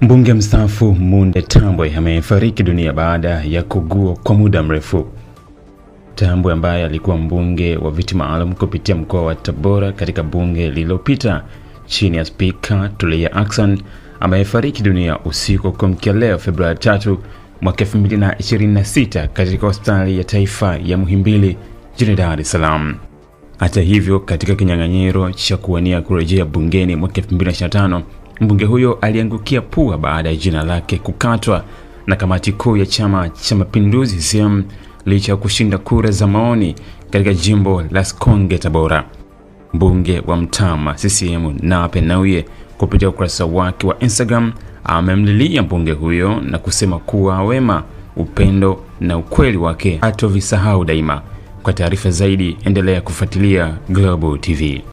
Mbunge mstaafu Munde Tambwe amefariki dunia baada ya kuugua kwa muda mrefu. Tambwe ambaye alikuwa mbunge wa viti maalum kupitia mkoa wa Tabora katika bunge lililopita chini ya Spika Tulia Ackson amefariki dunia usiku wa kuamkia leo Februari 3 mwaka 2026 katika hospitali ya taifa ya Muhimbili jijini Dar es Salaam. Hata hivyo, katika kinyang'anyiro cha kuwania kurejea bungeni mwaka 2025 Mbunge huyo aliangukia pua baada ya jina lake kukatwa na kamati kuu ya Chama cha Mapinduzi CCM licha ya kushinda kura za maoni katika jimbo la Sikonge, Tabora. Mbunge wa Mtama CCM Nape Nnauye kupitia ukurasa wake wa Instagram amemlilia mbunge huyo na kusema kuwa wema, upendo na ukweli wake hatovisahau daima. Kwa taarifa zaidi endelea kufuatilia Global TV.